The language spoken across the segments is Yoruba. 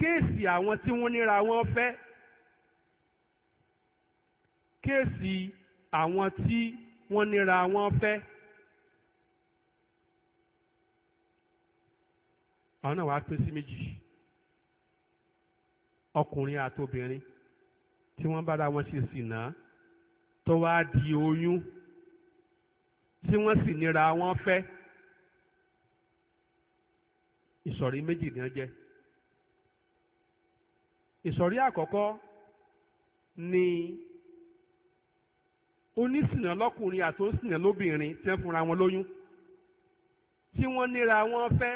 kéèsì àwọn tí wọ́n níra wọn fẹ́ kéèsì àwọn tí wọ́n níra wọn fẹ́ àwọn náà wàá pín sí méjì ọkùnrin àtobìnrin tí wọ́n bára wọn ṣe ṣìnà tó wá di oyún tí wọ́n sì níra wọn fẹ́ ìsọ̀rí méjì ni wọ́n jẹ́ ìsọ̀rí àkọ́kọ́ ni onísìnà lọ́kùnrin àti onísìnà lóbìnrin tí wọ́n fúnra wọn lóyún tí wọ́n níra wọn fẹ́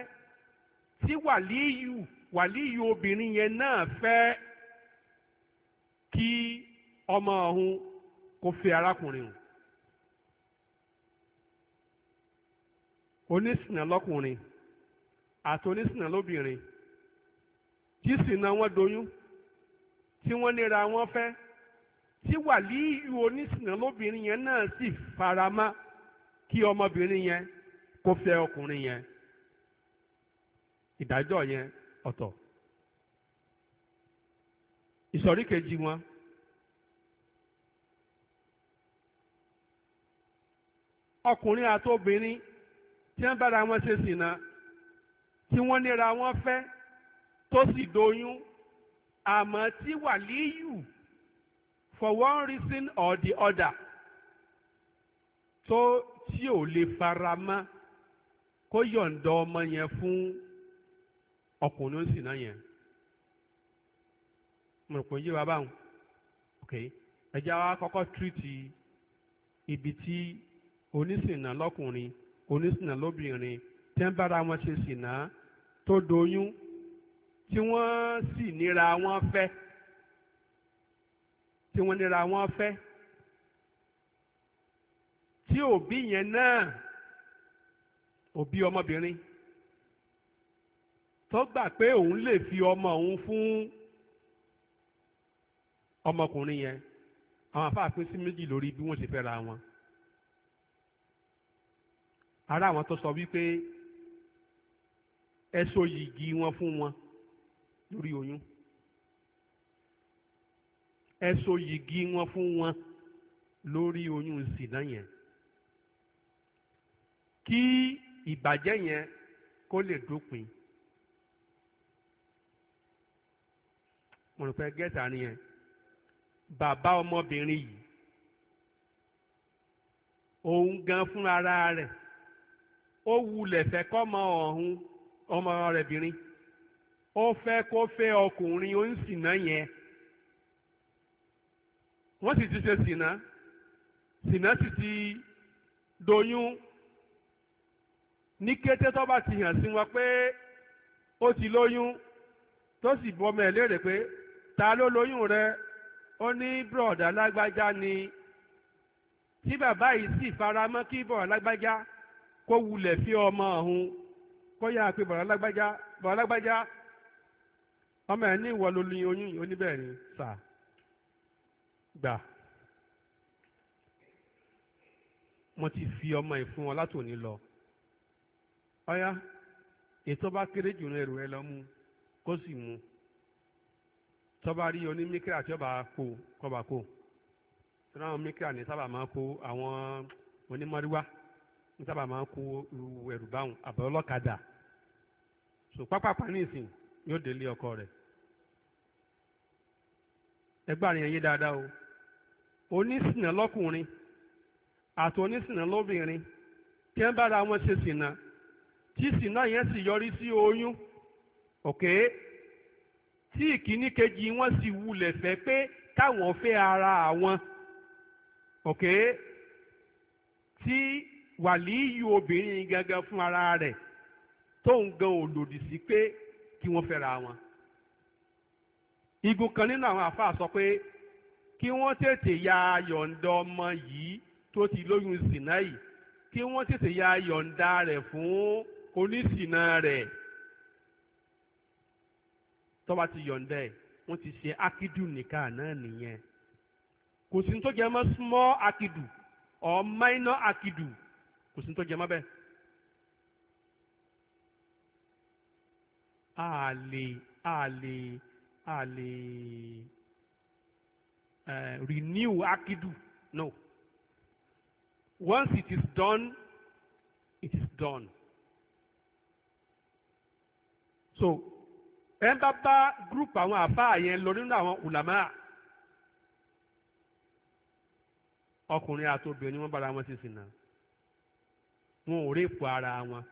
tí wàlíyù wàlíyù obìnrin yẹn náà fẹ́ kí ọmọ ọ̀hún kò fẹ́ arákùnrin o onísìnà lọ́kùnrin àti onísìnà lóbìnrin tí wọn doyún. tí wọ́n n'era wọn fẹ́ tí wàlíì onísìnà lóbìnrin yẹn náà sì farama kí ọmọbìnrin yẹn kó fẹ́ ọkùnrin yẹn ìdájọ́ yẹn ọ̀tọ̀ ìsọ̀rí kejì wọn ọkùnrin àti obìnrin tí wọ́n bára wọn ṣe sìnà tí wọn fẹ́ tó sì doyún àmọ́ tí wàlíyù for one reason or the other tó tí ò lè fara mọ́ kó yọ̀ǹda ọmọ yẹn fún ọkùnrin sì náà yẹn mo rò pé yé wa báwọn ok ẹja wa kọ́kọ́ tírìtì ibi tí onísìnà lọ́kùnrin onísìnà lóbìnrin tẹ́ ń bára wọn ṣe sìnà tó doyún tí wọ́n sì nira wọn fẹ́ tí wọ́n nira wọn fẹ́ tí òbí yẹn náà òbí ọmọbìnrin tó gbà pé òun lè fi ọmọ òun fún ọmọkùnrin yẹn àwọn afáàfin sí méjì lórí bí wọ́n ṣe fẹ́ ra wọn ara àwọn tó sọ wípé ẹ so yìgì wọn fún wọn lórí oyún ẹ so yìgì wọn fún wọn lórí oyún zìnà yẹn kí ìbàjẹ́ yẹn kó lè dópin mo rò pé gẹ́tà nìyẹn bàbá ọmọbìnrin yìí òun gan fúnra rẹ̀ ó wulẹ̀ fẹ́ kọ́ ọmọ ọ̀hún ọmọ rẹ̀ bìnrin ó fẹ́ kó fẹ́ ọkùnrin ó ń sìnà yẹn wọ́n sì ti ṣe sìnà sìnà sì ti doyún ní kété tó ti hàn sí wọn pé ó ti lóyún tó sì pé ta ló lóyún rẹ ó ní bùrọ̀dá lágbájá ni tí bàbá yìí sì fara mọ́ kí bọ̀dá lágbájá kó wulẹ̀ fi ọmọ ọ̀hún kó yára pé ọmọ ẹ̀ ní ìwọ ló ní oyún yìí oníbẹ̀ ni sà gbà mo ti fi ọmọ ẹ̀ fún ọ látòní lọ ọ̀yá ètò bá kéré jù ní ẹrù ẹ lọ mú kó sì mú tọ́ba rí onímíkírà tí ọba kó kọba kó tọ́ba àwọn míkírà ní sábà máa kó àwọn onímọ̀ríwá ní sábà máa kó ẹrù báwọn àbọ̀ so pápápá ní ìsìn yóò délé ọkọ rẹ̀ ẹgbà rìn yẹn dáadáa o onísìnà lọ́kùnrin àti onísìnà lóbìnrin tí wọ́n bára wọn ṣe sìnà tí sìnà yẹn sì yọrí sí oyún òkè tí ìkíní kejì wọn sì wulẹ̀ fẹ́ pé káwọn fẹ́ ara àwọn òkè tí wàlíyù obìnrin gangan fún ara rẹ̀ tóun gan ò lòdì sí pé kí wọ́n fẹ́ra wọn igun kan nínú àwọn àfáà sọ pé kí wọ́n tètè ya yọ̀ǹda ọmọ yìí tó ti lóyún zìnà yìí kí wọ́n tètè ya yọ̀ǹda rẹ̀ fún oníṣìnà rẹ̀ tó bá ti yọ̀ǹda ẹ̀ wọ́n ti ṣe akidu nìkan náà nìyẹn kò sí tó jẹ mọ́ small akidu or minor akidu kò sí tó jẹ mọ́ bẹ́ẹ̀. a lè a lè a lè uh, renew akidu no once it is done it is done so ẹ bá bá group àwọn àfáà yẹn lọ nínú àwọn ulama ọkùnrin àti obìnrin wọn bára wọn ti sìn náà wọn ò rèpò ara wọn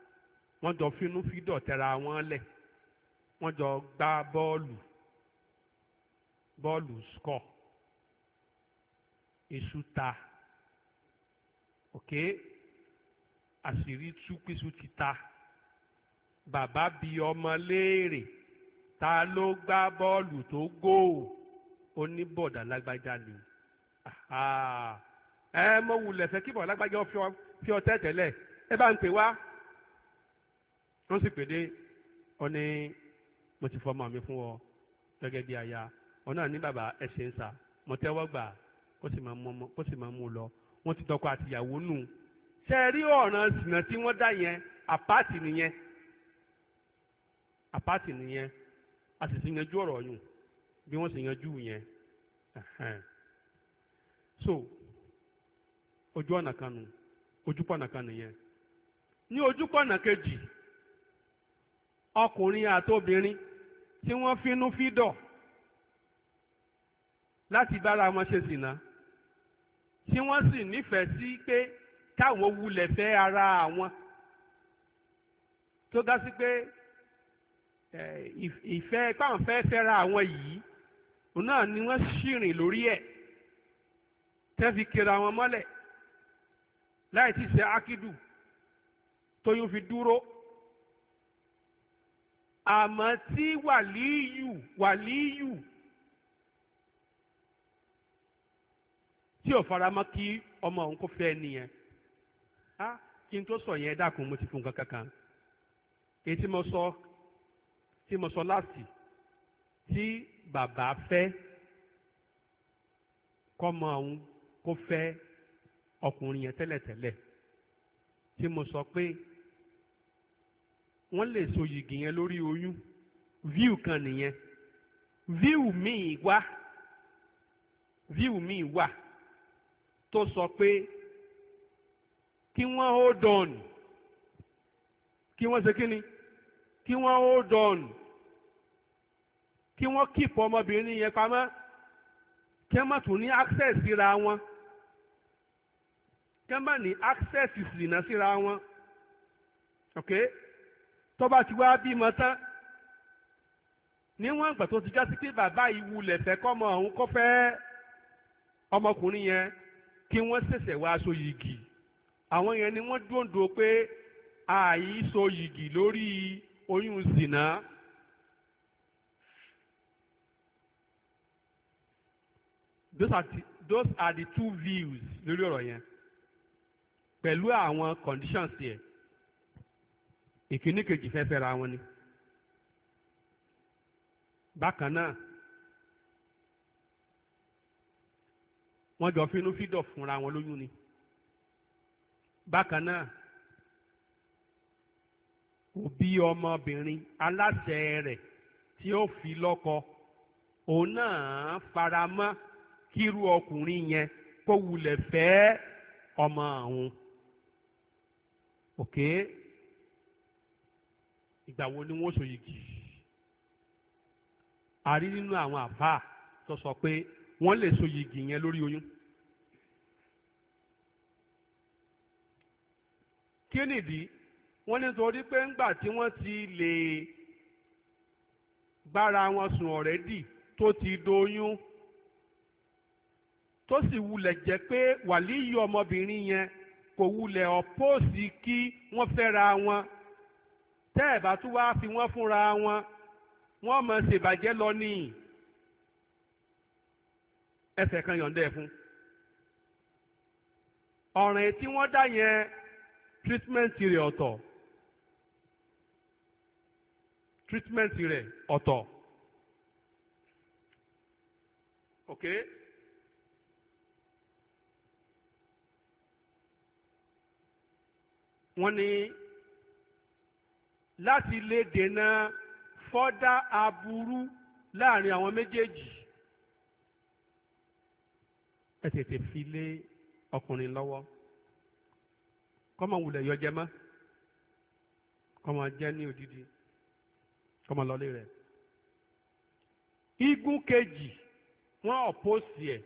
wọn jọ fínú fídọ̀ tẹra wọn lẹ̀ wọ́n jọ gbá bọ́ọ̀lù bọ́ọ̀lù skọ̀ èṣù ta òkè àṣírí tú pèsè ti ta bàbá bi ọmọ léèrè ta ló gbá bọ́ọ̀lù tó góò ó ní bọ̀dà lágbájá ni ẹ mọ wulẹ̀ fẹ́ kí bọ̀dà lágbájá fi ọ tẹ́tẹ̀lẹ̀ ẹ bá ń pè wá wọ́n sì pè dé ọ ní mo ti fọmọ mi fún ọ gẹ́gẹ́ bí aya òun náà ní bàbá ẹ̀ṣẹ̀ ń sà mọ̀tẹ́wọ́ kó sì máa mú un lọ wọ́n ti dọ́kọ àtìyàwó nù ṣe rí ọ̀ràn sìnà tí wọ́n dá yẹn àpáàtì nìyẹn àpáàtì nìyẹn a sì ti yanjú ọ̀rọ̀ yùn bí wọ́n sì yanjú yẹn so ojú ọ̀nà kan nù ojúpọ̀nà kan nìyẹn ní ojúpọ̀nà kejì ọkùnrin àtobìnrin tí wọ́n láti bára wọn ṣe sìnà tí wọ́n sì nífẹ̀ẹ́ sí pé káwọn wulẹ̀ fẹ́ ara àwọn tó dá sí pé ìfẹ́ páǹfẹ́ fẹ́ra àwọn yìí òun náà ni wọ́n ṣìrìn lórí ẹ̀ tẹ́ fi kira wọn mọ́lẹ̀ láì tí ṣe ákídù tóyún fi dúró àmọ́ tí wàlíyù wàlíyù tí ò fara mọ́ kí ọmọ òun kò fẹ́ nìyẹn á kí n tó sọ yẹn dákun mo ti fún kankan kan èyí tí mo sọ tí mo sọ láti tí bàbá fẹ́ kọ́mọ òun kò fẹ́ ọkùnrin yẹn tẹ́lẹ̀tẹ́lẹ̀ tí mo sọ pé wọ́n lè so yìgì yẹn lórí oyún view kan nìyẹn view míì wá view míì wá. tó sọ pé kí wọ́n hold on kí wọ́n ṣe kí ni kí wọ́n hold on kí wọ́n keep ọmọbìnrin yẹn pamọ́ kí wọ́n má tún ní access síra wọn kí wọ́n má ní access ìsìnà síra wọn ok tó bá ti wá bímọ tán níwọ̀n ìgbà tó ti já sí pé bàbá yìí wulẹ̀ fẹ́ ọmọkùnrin yẹn kí wọ́n ṣẹ̀ṣẹ̀ wá aṣọ yìgì àwọn yẹn ni wọ́n dúndò pé àìsọ yìgì lórí oyún zìnà. those are the those are the two views lórí ọ̀rọ̀ yẹn pẹ̀lú àwọn conditions yẹn ìkíní kejì fẹ́ fẹ́ra wọn ni bákan náà wọ́n jọ fínú fídọ̀ fúnra wọn lóyún ni bákan náà òbí ọmọbìnrin aláṣẹ rẹ̀ tí ó fi lọ́kọ òun náà fara mọ́ kírú ọkùnrin yẹn kó wulẹ̀ fẹ́ ọmọ àwọn òkè ìgbà wo ni wọ́n sọ yìí kì í a nínú àwọn àbá tó sọ pé wọ́n lè so yìgì yẹn lórí oyún. kí nìdí wọ́n ní torí pé ńgbà tí wọ́n ti lè bára wọn sùn ọ̀rẹ́dì tó ti doyún tó sì wulẹ̀ jẹ́ pé wàlíyí ọmọbìnrin yẹn kò wulẹ̀ ọ̀pọ̀ọ̀sì kí wọ́n fẹ́ra wọn tẹ́ ẹ̀ bá tún wá fi wọ́n fúnra wọn wọ́n mọ̀ ṣèbàjẹ́ lọ nìyí ẹsẹ̀ kan yọ̀ǹda ẹ̀ fún ọ̀ràn tí wọ́n dá yẹn treatment rẹ̀ ọ̀tọ̀ treatment rẹ̀ ọ̀tọ̀ ok wọ́n ní láti lè dènà fọ́dá aburú láàrin àwọn méjèèjì ẹ tètè fi lé ọkùnrin lọ́wọ́ kọ́mọ wulẹ̀ yọjẹ mọ́ kọ́mọ jẹ́ ní odidi kọ́mọ lọlé rẹ̀. igun kejì wọ́n ọ̀pọ̀sì ẹ̀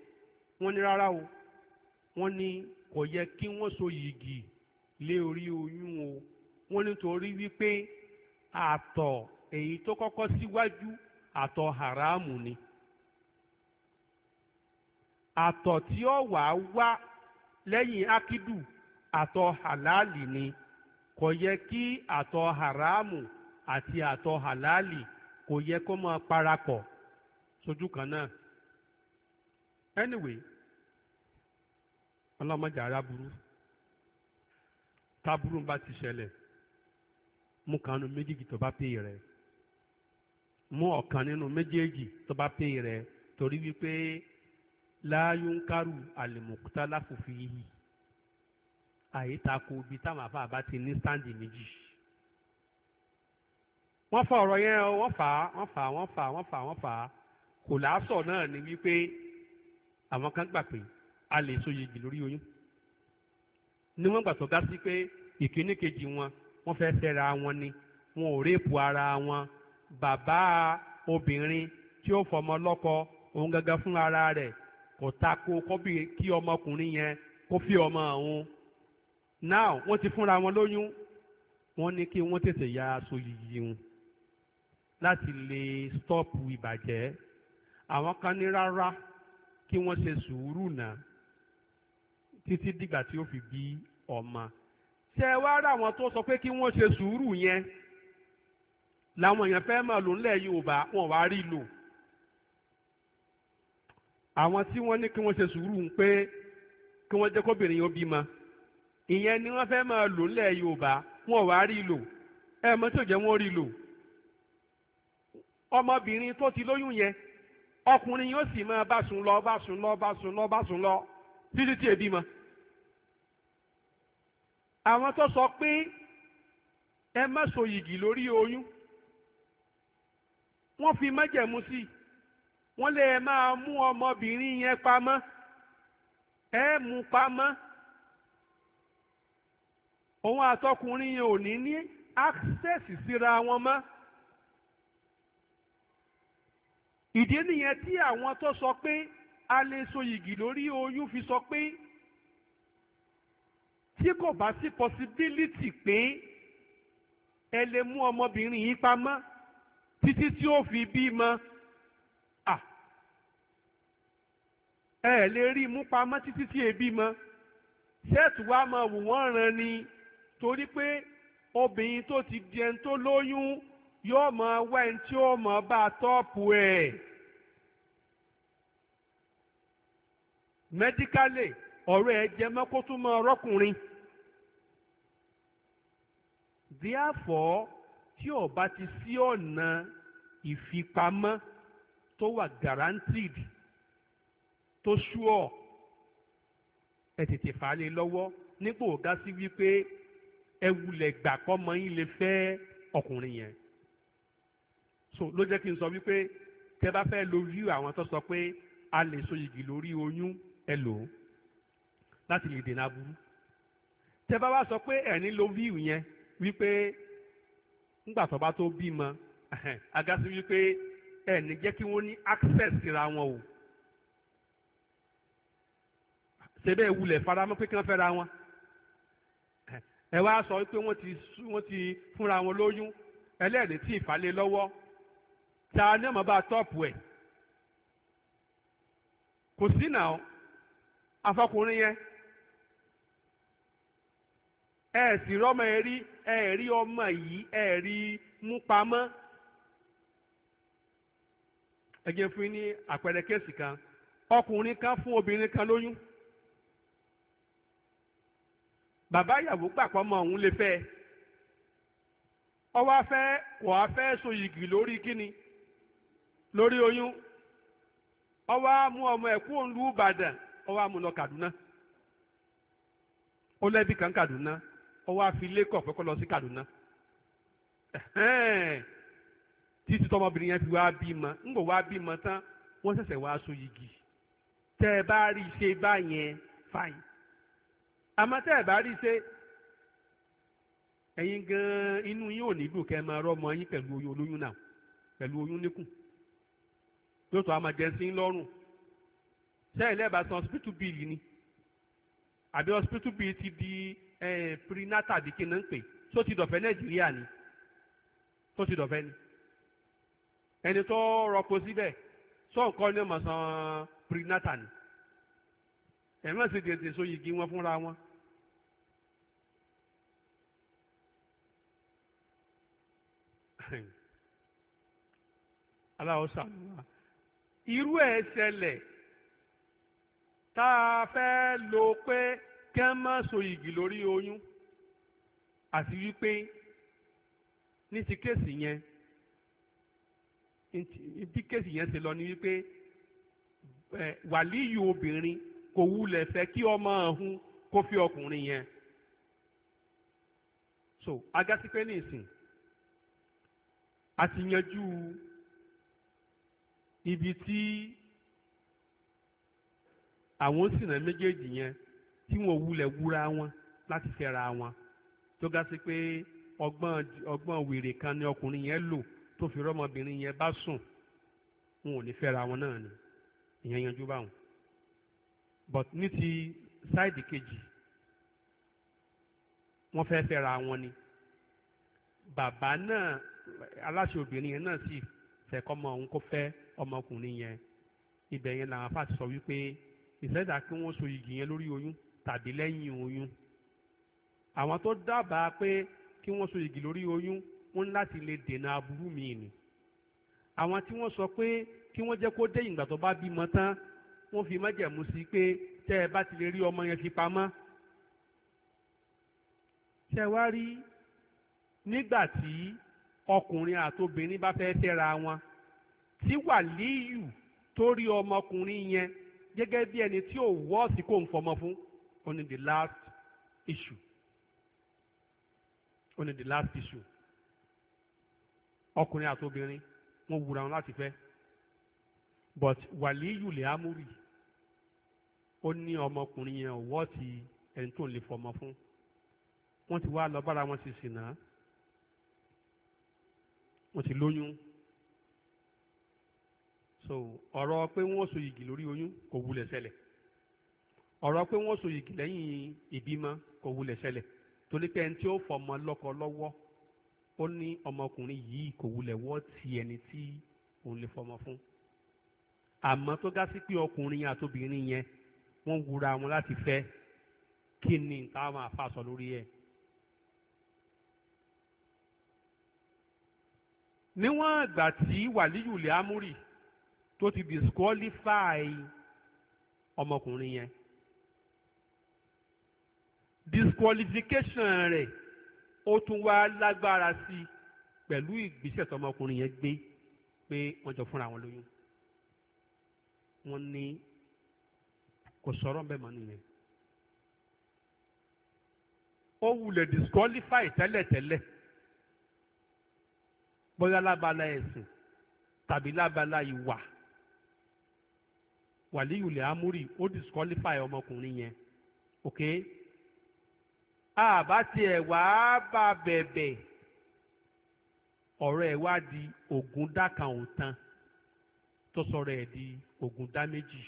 wọ́n ní rárá o wọ́n ní kò yẹ kí wọ́n so yìgì lé orí oyún o wọ́n nítorí wípé àtọ̀ èyí tó kọ́kọ́ síwájú àtọ̀ haramu ni àtọ̀ tí ó wà á wá lẹ́yìn ákídù àtọ̀ hàláàlì ni kò yẹ kí àtọ̀ haramu àti àtọ̀ hàláàlì kò yẹ kó máa parapọ̀ sójú kan náà anyway ọlọ́mọdé ara burú táburú bá ti ṣẹlẹ̀ mú kan nínú méjèèjì tó bá pè rẹ̀ mú ọ̀kan nínú méjèèjì tó bá pè rẹ̀ torí wípé láyúnkárù àlèmọ̀kútàláfò fi yìí àyítakò ibi táwọn àfa àbá ti ní sáǹdì méjì. wọ́n fa ọ̀rọ̀ yẹn wọ́n fà á wọ́n fà á wọ́n fà á wọ́n fà á wọ́n fà á kò láásọ náà ni wípé àwọn kan gbà pé a lè so yege lórí oyún ni wọ́n gbà tó ga sí pé ìkíní kejì wọn wọ́n fẹ́ fẹ́ra wọn ni wọn ò réèpù ara wọn bàbá obìnrin tí ó fọmọ lọ́kọ òun gangan fún ara rẹ̀ kò tako kọ́bí kí ọmọkùnrin yẹn kó fi ọmọ ọ̀hún now wọ́n ti fúnra wọn lóyún wọ́n ní kí wọ́n tètè ya aṣọ yìí wọn láti lè stọ́ọ̀pù ìbàjẹ́ àwọn kan ní rárá kí wọ́n ṣe sùúrù náà títí dìgbà tí ó fi bí ọmọ ṣe wá rà wọn tó sọ pé kí wọ́n ṣe sùúrù yẹn làwọn èèyàn fẹ́ máa lò ńlẹ̀ Yorùbá wọn wá rí lò àwọn tí wọ́n ní kí wọ́n ṣe sùúrù ń pé kí wọ́n jẹ́ kóbìnrin yóò bímọ ìyẹn ni wọ́n fẹ́ máa lò ńlẹ̀ Yorùbá wọn ò wá rí lò ẹ mọ̀ tí ò jẹ́ wọ́n rí lò ọmọbìnrin tó ti lóyún yẹn ọkùnrin yóò sì máa bá sùn lọ bá sùn lọ bá sùn lọ bá sùn lọ títí tí èbí mọ. àwọn tó sọ pé ẹ má so yìgì lórí oyún wọ́n fi májẹ̀mú sí i wọ́n lè máa mú ọmọbìnrin yẹn pamọ́ ẹ mú pamọ́ òun àtọkùnrin yẹn ò ní ní áksẹ́sì síra wọn mọ́ ìdí nìyẹn tí àwọn tó sọ pé a lè so yìgì lórí oyún fi sọ pé tí kò bá sí possibility pé ẹ lè mú ọmọbìnrin yìí pamọ́ títí tí ó fi bímọ. ẹ lè rí mú pamọ́ títí tí ebi mọ ṣẹ́ẹ̀tù wa máa wù wọ́n ran ni torí pé obìnrin tó ti di ẹni tó lóyún yóò máa wá ẹni tí ó máa bá a tọ́ọ̀pù ẹ̀. mẹ́díkálì ọ̀rọ̀ ẹ̀ jẹ́ mọ́ kó tún mọ́ ọrọ́kùnrin. díàfọ́ tí ó bá ti sí ọ̀nà ìfipamọ́ tó wà guaranteed tó ṣúọ̀ ẹ tètè fà á lé lọ́wọ́ nípò ga sí wípé ẹ wulẹ̀ gbà kọ́mọ yín lè fẹ́ ọkùnrin yẹn so ló jẹ́ kí n sọ wípé tẹ́ bá fẹ́ lo view àwọn tó sọ pé a lè so yìgì lórí oyún ẹ lò ó láti lè dènà aburú tẹ́ bá wá sọ pé ẹ̀ní lo view yẹn wípé ńgbà tó bá tó bímọ agasi wípé ẹ̀ní jẹ́ kí wọ́n ní access síra wọn o ṣebẹ́ ìwulẹ̀ faramọ́ pé kí wọ́n fẹ́ra wọn ẹ wá sọ pé wọ́n ti wọ́n ti fúnra wọn lóyún ẹlẹ́rìí tí ìfàlẹ́ lọ́wọ́ ta ni ọmọ bá tọ́ọ̀pù ẹ̀ kò sí nà ọ́ afọkùnrin yẹn ẹ sì rọ́mọ ẹ rí ẹ rí ọmọ yìí ẹ rí mú pamọ́ ẹ jẹ́ fún yín ní àpẹẹrẹ kéèsì kan ọkùnrin kan fún obìnrin kan lóyún. bàbá ìyàwó gbàpọ̀ ọmọ òun lè fẹ́ ọ wá fẹ́ wọ́n á so yìgì lórí kíni lórí oyún ọ wá mú ọmọ ẹ̀ kú òǹlú Ìbàdàn ọ wá mú lọ Kàdúná ó lẹ́bí kan Kàdúná ọ wá fi lẹ́kọ̀ọ́ pẹ́kọ́ lọ sí Kàdúná títí tọmọbìnrin yẹn fi wá bímọ ńgbò wá bímọ tán wọn sẹsẹ wá so yìgì tẹ́ ẹ bá rí i ṣe báyẹn fáyìn àmọ́ tẹ́ ẹ̀ bá rí ṣe ẹ̀yin gan-an inú yín ò ní dùn kẹ́ ẹ máa rọ́ ọmọ yín pẹ̀lú oyún olóyún náà pẹ̀lú oyún níkùn yóò tó àmàjẹsí lọ́rùn sẹ́yìn lẹ́ẹ̀bà san hospital bill ni àbí hospital bill ti di prenata di kí n ń pè tó ti dọ̀fẹ́ nàìjíríà ni tó ti dọ̀fẹ́ ni ẹni tó rọpo síbẹ̀ sọ nǹkan ní ọmọ san prenata ni ẹ̀mẹ́sì dèdè sóyigi wọn fúnra wọn. aláwọ̀ sàmù wa irú ẹ̀ ṣẹlẹ̀ tá a fẹ́ lo pé kí wọ́n má so igi lórí oyún àti wípé ní ti kéèsì yẹn bí kéèsì yẹn ṣe lọ ni wípé wàlíyù obìnrin kò wulẹ̀ fẹ́ kí ọmọ ọ̀hún kó fi ọkùnrin yẹn so agasi pé ní àti yanjú ibi tí àwọn òsìnà méjèèjì yẹn tí wọ́n wulẹ̀ wúra wọn láti fẹ́ra wọn tó ga sí pé ọgbọ́n ọgbọ́n wèrè kan ni ọkùnrin yẹn lò tó fi rọ́mọbìnrin yẹn bá sùn wọn ò ní fẹ́ra wọn náà ni ìyẹn yanjú báwọn but ní ti sáìdì kejì wọ́n fẹ́ fẹ́ra wọn ni bàbá náà aláṣẹ obìnrin yẹn náà sì. Si, fẹ́ kọ́mọ òun kó fẹ́ ọmọkùnrin yẹn ibẹ̀ yẹn làwọn afa ti sọ wípé ìṣẹ́dá kí wọ́n so igi yẹn lórí oyún tàbí lẹ́yìn oyún àwọn tó dábàá pé kí wọ́n so igi lórí oyún wọ́n láti lè dènà aburú míì ni àwọn tí wọ́n sọ pé kí wọ́n jẹ́ kó dé ìgbà tó bá bímọ tán wọ́n fi májẹ̀mú sí pé tẹ́ ẹ bá ti lè rí ọmọ yẹn fi pamọ́ ṣe wá rí nígbà tí ọkùnrin àtobìnrin bá fẹ́ fẹ́ra wọn tí wàlíyù tó rí ọmọkùnrin yẹn gẹ́gẹ́ bí ẹni tí ò wọ́ọ̀sì kò ń fọmọ fún only the last issue only the last issue ọkùnrin àtobìnrin wọ́n wúra wọn láti fẹ́ but wàlíyù lè amúrì ó ní ọmọkùnrin yẹn ò wọ́ọ̀sì ẹni tó ń lè fọmọ fún wọ́n ti wá lọ bára wọn ti sìn náà wọ́n ti lóyún so ọ̀rọ̀ pé wọ́n so yìgì lórí oyún kò wulẹ̀ ṣẹlẹ̀ ọ̀rọ̀ pé wọ́n so yìgì lẹ́yìn ìbímọ kò wulẹ̀ ṣẹlẹ̀ torí pé ẹni tí ó fọmọ lọ́kọ lọ́wọ́ ó ní ọmọkùnrin yìí kò wulẹ̀ wọ́ ti ẹni tí òun lè fọmọ fún àmọ́ tó gá sí pé ọkùnrin àtobìnrin yẹn wọ́n wura wọn láti fẹ́ kí ni táwọn àfa sọ lórí ẹ̀ níwọ̀n àgbà tí wàlíyù lè amúrì tó ti disqualify ọmọkùnrin yẹn disqualification rẹ̀ ó tún wá lágbára sí i pẹ̀lú ìgbésẹ̀ tọmọkùnrin yẹn gbé pé wọ́n jọ fúnra wọn lóyún wọ́n ní kò sọ̀rọ̀ bẹ́ẹ̀ mọ́ nìyẹn ó wulẹ̀ disqualify tẹ́lẹ̀tẹ́lẹ̀. tele bóyá lábala ẹ̀sìn tàbí lábala ìwà wàlíyùlẹ̀ amúrì ó disqualify ọmọkùnrin yẹn ok àbá tiẹ̀ wàá bá bẹ̀bẹ̀ ọ̀rọ̀ ẹ̀ wá di ògùn dá kan tó sọ̀rọ̀ ẹ̀ di ògùn dá méjì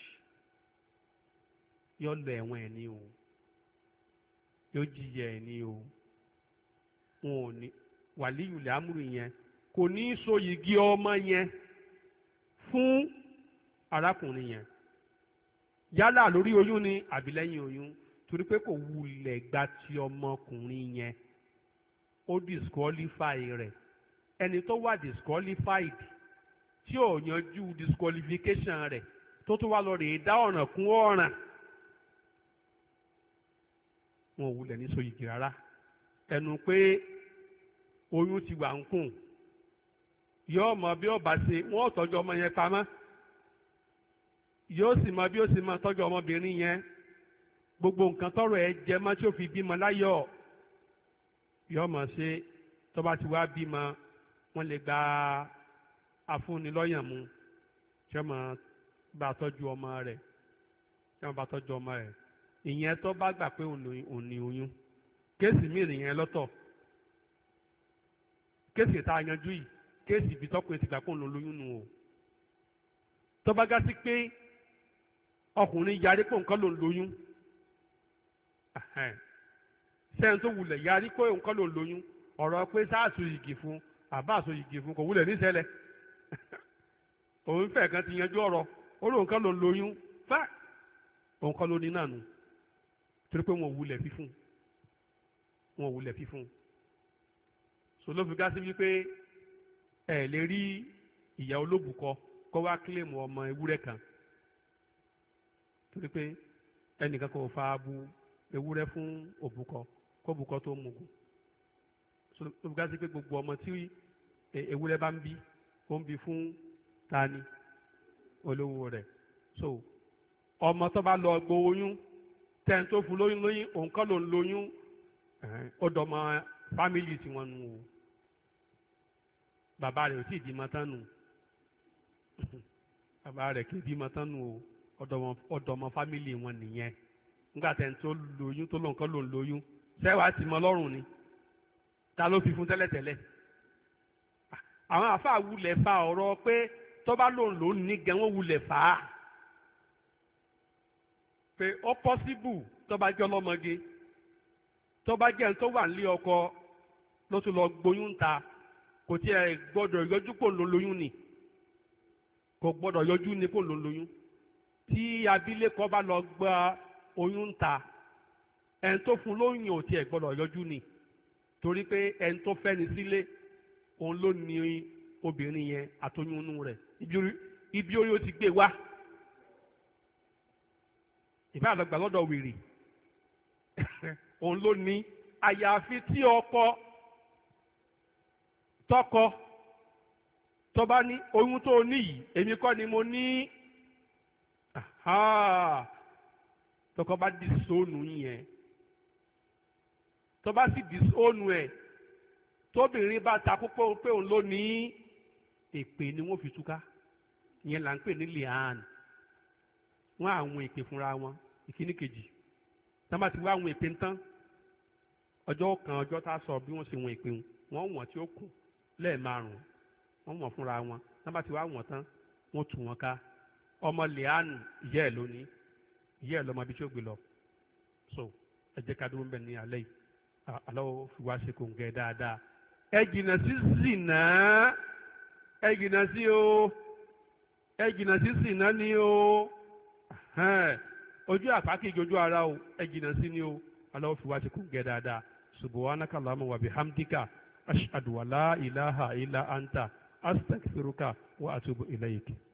yóò lọ ẹ̀wọ̀n ẹ̀ ní o yóò jìyà ẹ̀ ní o wọn ò ní wàlíyùlẹ̀ amúrì yẹn kò ní í so yìgì ọmọ yẹn fún arákùnrin yẹn yálà lórí oyún ni àbí oyún torí pé kò wulẹ̀ gba ti ọmọkùnrin yẹn ó disqualify rẹ ẹni tó wà disqualified tí ò yanjú disqualification rẹ tó tún wá lọ rèé dá ọ̀ràn kún ọ̀ràn wọn ò wulẹ̀ ní soyìgì rárá ẹnu pé oyún ti wà ń kùn yóò mọ bí ó bá ṣe wọn ò tọ́jú ọmọ yẹn pamọ́ yóò sì mọ bí ó sì mọ tọ́jú ọmọbìnrin yẹn gbogbo nǹkan tọrọ ẹ jẹ mọ tí ó fi bímọ láyọ̀ yóò mọ ṣe tó bá ti wá bímọ wọn lè gba afúnilọ́yàn mu tí ó mọ bá tọ́jú ọmọ rẹ̀ tí wọ́n bá tọ́jú ọmọ rẹ̀ ìyẹn tó bá gbà pé òun ni oyún kéèsì míì nìyẹn lọ́tọ̀ kéèsì tá a yanjú yìí kéèsì ibi tọ́kùnrin ti gbà kó ń lo lóyún nù o tó bá gá sí pé ọkùnrin yarí pé nǹkan ló ń lóyún sẹ́yìn tó wulẹ̀ yarí pé nǹkan ló ń lóyún ọ̀rọ̀ pé sáàsù yìgì fún àbá àsù yìgì fún kò wulẹ̀ níṣẹ̀lẹ̀ òun fẹ́ kan ti yanjú ọ̀rọ̀ ó ló nǹkan ló ń lóyún fẹ́ nǹkan ló ní náà torí pé wọn wulẹ̀ fífún wọn wulẹ̀ fífún so ló sí wípé ẹ lè rí ìyá olóbùkọ kó wá kílèmù ọmọ ewúrẹ́ kan torí pé ẹnìkan kò fa abu ewúrẹ́ fún òbúkọ kóbùkọ tó mugun olùkọ́ sí pé gbogbo ọmọ tí e, ewúrẹ́ bá ń bí ó ń bí fún tani olówó rẹ̀ so ọmọ tó bá lọ gbo oyún tẹ́ni tó fún lóyún lóyún òun kọ́ ló ń lóyún ó dọ̀mọ fámìlì tiwọn nù o bàbá rẹ̀ ò tí ì bímọ tán nù bàbá rẹ̀ kì í bímọ tán nù o ọ̀dọ̀mọ fámìlì wọn nìyẹn nígbà tẹ́ni tó lóyún tó lóun kọ́ lòun lóyún sẹ́wàá ti mọ lọ́rùn ni ta ló fi fún tẹ́lẹ̀tẹ́lẹ̀ àwọn àáfàá wulẹ̀ fa ọ̀rọ̀ pé tọ́ba lòun lòun ní gan wọ́n wulẹ̀ fà pé ó pọ́síbù tọ́ba jẹ́ ọlọ́mọge tọ́ba jẹ́ ẹni tó wà nílé ọkọ ló lọ gboyún ta kò tí ẹ gbọ́dọ̀ yọjú kò ló lóyún ni kò gbọ́dọ̀ yọjú ni kò ló lóyún tí abilékọ bá lọ gba oyún ta ẹni tó fún lóyún ò tí ẹ gbọ́dọ̀ yọjú ni torí pé ẹni tó fẹ́ni sílé òun ló ní obìnrin yẹn àtoyún inú rẹ̀ ibi orí ó ti gbé wá ìbá àlọ́gbà lọ́dọ̀ wèrè òun ló ní àyàfi tí ọkọ tọkọ tó bá ní oyún tó ní yìí èmi kọ́ ni mo ní tọkọ bá disóònù yẹn tó bá sì disóònù ẹ̀ tóbìnrin bá ta púpọ̀ pé òun ló ní èpè ni wọ́n fi túká ìyẹn là ń pè ní lian wọ́n àwọn èpè fúnra wọn ìkíní kejì tá bá ti wá àwọn èpè ń tán ọjọ́ kan ọjọ́ tá a sọ bí wọ́n ṣe wọn èpè wọn wọ́n wọ̀n tí ó kù lẹ́ẹ̀márùn marun wọ́n wọ̀n fúnra wọn nígbà tí wàá wọ̀n tán wọ́n wọn ká ọmọ lianu ìyá ẹ̀ lónìí ìyá ẹ̀ lọ́mọ ibi tí ó lọ so ẹ jẹ́ ká dúró ń bẹ̀ ní alẹ́ yìí aláwọ̀ fi wá ṣe o ẹ si sí ni o ojú àpá kì ara o ẹ ni o aláwọ̀ fi wá ṣe kò ń أشهد ولا إله إلا أنت أستغفرك وأتوب إليك